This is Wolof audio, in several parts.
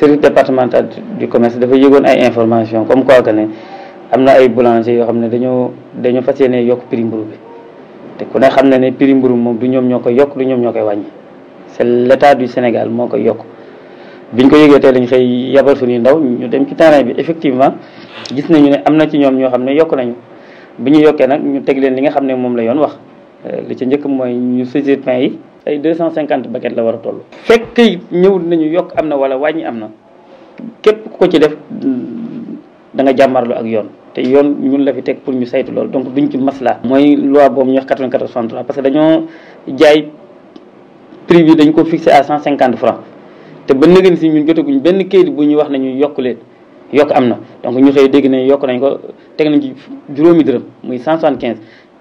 service départemental du commerce dafa yëgoon ay information comme quoi que ne am na ay boulanger yoo xam ne dañoo dañoo fas yéene yokk prix mburu bi te ku ne xam na ne prix mburu moom du ñoom ñoo koy yokk du ñoom ñoo koy wàññi c'est l'état du Sénégal moo koy yokk biñ ko yëgee tey dañ xëy yabal suñuy ndaw ñu dem ci terrain bi effectivement gis nañu ne am na ci ñoom ñoo xam ne yokk nañu bu ñu yokkee nag ñu teg leen li nga xam ne moom la yoon wax euh, li ci njëkk mooy ñu saisir pain yi ay deux cent 250 baquettes la war a toll. fekk ñëw nañu yokk am na wala wàññi am na képp ku ko ci def mm, da nga jàmmarlu ak yoon. te yoon ñun la fi teg pour ñu saytu lool donc duñ ci masla mooy loi boobu ñuy wax 94 63 parce que dañoo jaay prix bi dañ ko fixé à cent 150 francs te ba nëgën si ñun jotaguñ benn kayit bu ñuy wax nañu ñu yokk leen yokk am na donc ñu xëy dégg ne yokk nañ ko teg nañ ci juróomi dërëm muy 175.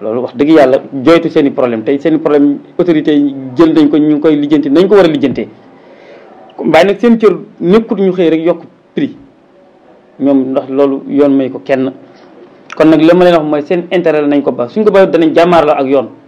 loolu wax dëgg yàlla joytu seeni i problème tey seen i problème autorités jël nañ ko ñu ngi koy lijjanti nañ ko war a lijjante waaye nag seen cër nekkut ñu xëy rek yokk prix ñoom ndox loolu yoon may ko kenn kon nag li ma leen wax mooy seen intérêt la nañ ko ba suñ ko ba danañ jàmmaarloo ak yoon